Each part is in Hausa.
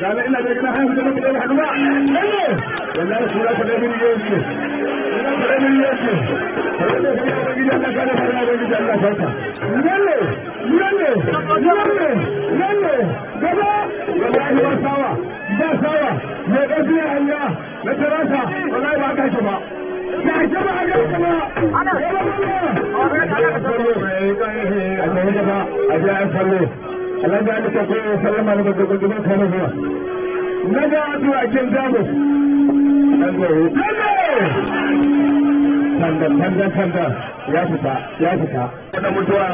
لان احنا بقينا هاي سنه كده يا جماعه ايوه ولا انا سمعت ده من يوسف ده من يوسف أجل أصلي alhaji ali ta koyo sallama ne daga gudunar kano zuwa na ga wato a kin zamu tanda tanda tanda ya fita ya fita da mutuwa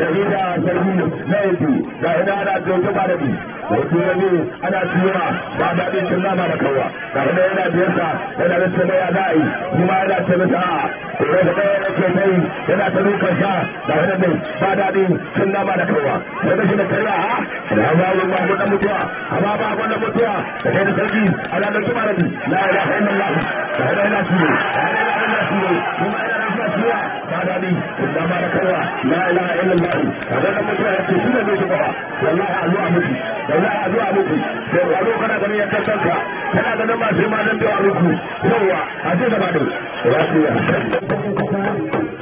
da hida sarki na yanzu ga hida ana jojo ba da bi wato ne ana tuwa ba da din tun nama da kawwa ga hida yana biyarsa yana da tsanaya yi kuma yana tsanaya idan ta yana ta da wani ba daɗi sun nama da kaiwa sai da shi da kaiwa ah, da wani ba mutuwa amma ba mutuwa da kai da sarki a da kuma la ilaha illallah da shi ne da shi ne ba daɗi da barakarwa la ilaha illallah a wannan mutum ya ce shi ne zai wallahi a zuwa wallahi kana ganin ya kankanka kana ganin ma sai ma dan da wa yawa da ba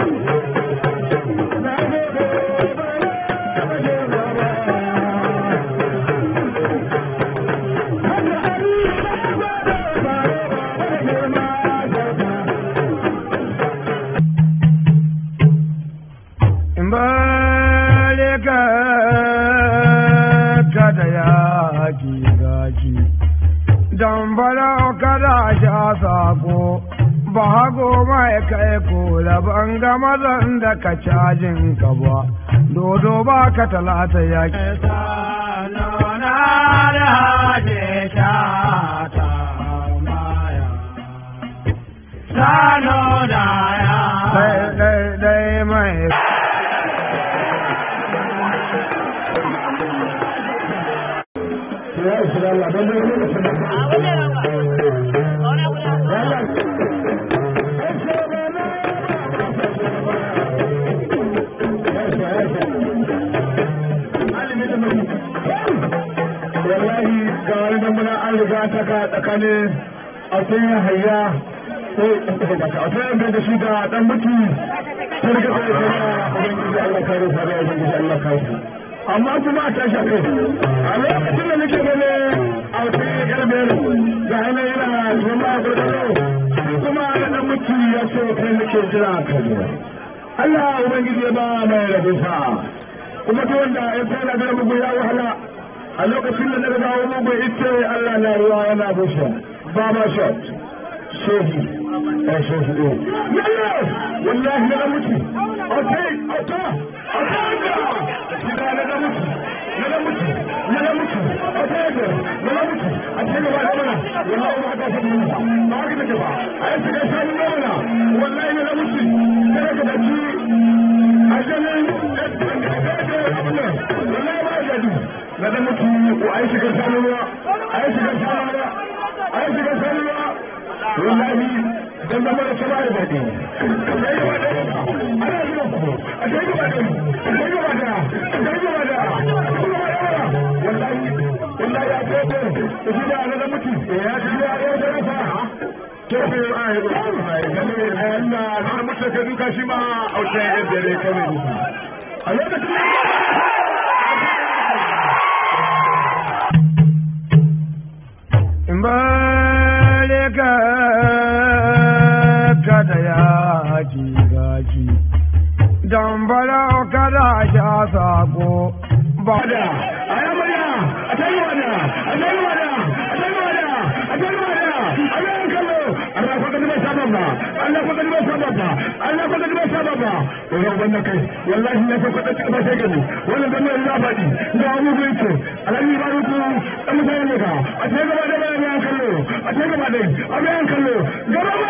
zaki zaki dambara kada sha sako ba hago mai kai ko ban ga mazan da ka cajin ka ba dodo ba ka talata ya ke sa tsakanin akwai hayya akwai da da shi da dan mutu sai da kai da Allah kare sa da ubangiji Allah kare amma kuma a tashi kai a lokacin da nake gane a wata yarbiyar da hana yana zama gurgurdo kuma dan mutu ya so kai nake jira kai Allah ubangiji ya ba mai rabin sa kuma ta wanda ya tsaya da ya wahala a lokacin da na ga mugun ita Allah na ruwa yana bushe baba shot shehi a shehi ɗin yallo wallahi na mutu ok ok ok gida na da mutu na da mutu na da mutu ok na da mutu a cikin gaba da mana wallahi ba ta shi ba ba ka take ba a yi shiga shanu na mana wallahi na da mutu kada ka dace a janin na da mutu ko ai shiga sanuwa ai shiga sanuwa ai shiga sanuwa wallahi dan da mara da ana ku a da da wallahi wallahi ya tafi shi da na mutu ya ji ya ya da fa a da dambarau kada sha sako ba da a yi murya a a a Allah saba ba Allah ba saba ba wannan kai wallahi na ko ba sai gani wannan dan da abu bai ce alani ba ku dan ka a gaba da kallo a gaba da kallo gaba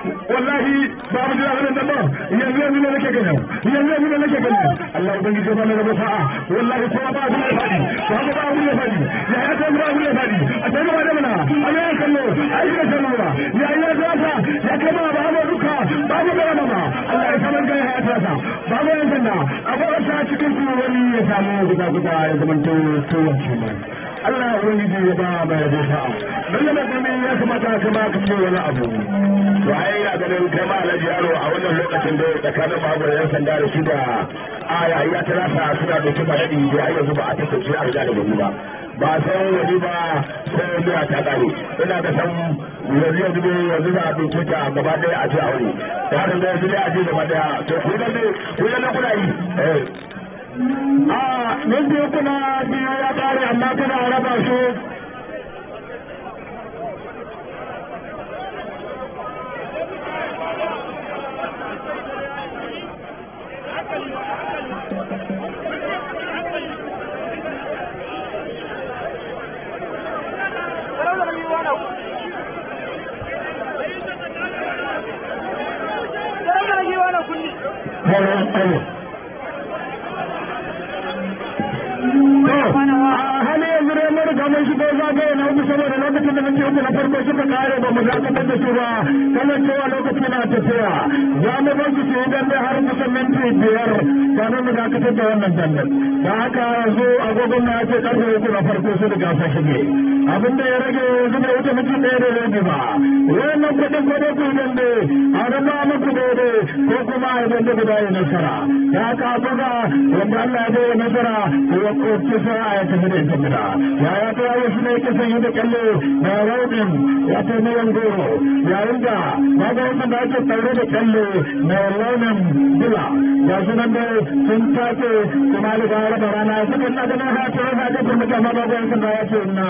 wallahi ba mu jira ganin dabba yanzu yanzu ne nake ganin yanzu yanzu ne nake ganin Allah ya bani wallahi ko ba mu fadi ko ba mu fadi ya ya ta ba mu fadi a sai ba da mana kallo kallo ba ya ya ta ya ba ba mu duka ba mu mama Allah ya kaman ga ya ta ta ba mu yan sanda a ba ta cikin su wani ya samu guda guda ya zama to to Allah ya yi ya ba mai yabo sa'a dan da mutum ya kuma ta kama ka ce wani abu to ai ga ganin kai ma Alhaji Aro a wannan lokacin da tsakanin babur yan sanda da shi da aya ya tara sa suna da tuba da dinga ai yanzu ba a shi a ga da gudu ba ba san wani ba sai wani ta kare ina da san yanzu yanzu ne yanzu za a ɗauke ta gaba ɗaya a ce aure da haka da yanzu ne a ce gaba ɗaya to ku nan ne ku nan kuna yi eh. ah, nan kuna biyu kyauta ne amma kada a raba su Thank you. mun shigo zagaye na uku saboda lokacin da muke uku na farko suka kare ba mu dakatar da su ba kanan cewa lokaci na tafiya za mu bar su yi dambe har kusan minti biyar kafin mu dakatar da wannan dambe da haka yanzu agogon na ce karfe uku na farko su riga sa shige abin da ya rage yanzu bai wuce mutum ɗaya da rabi ba wannan kuɗin ko ku yi dambe a raba muku daidai ko kuma a yi guda yi nasara da haka buga wanda Allah ya bai nasara ya ko kisa a ya tafi da ita gida ya ya Buhari ne yake son da kallo da raudin ya ta yayin da ba ga da ake tsare da kallo da sun tace kuma da rana suka na na ruwa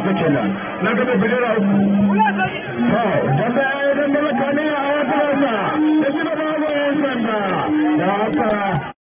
आपने खेला ना कभी बिगड़ा हाँ, जब मैं आया था मेरा खाने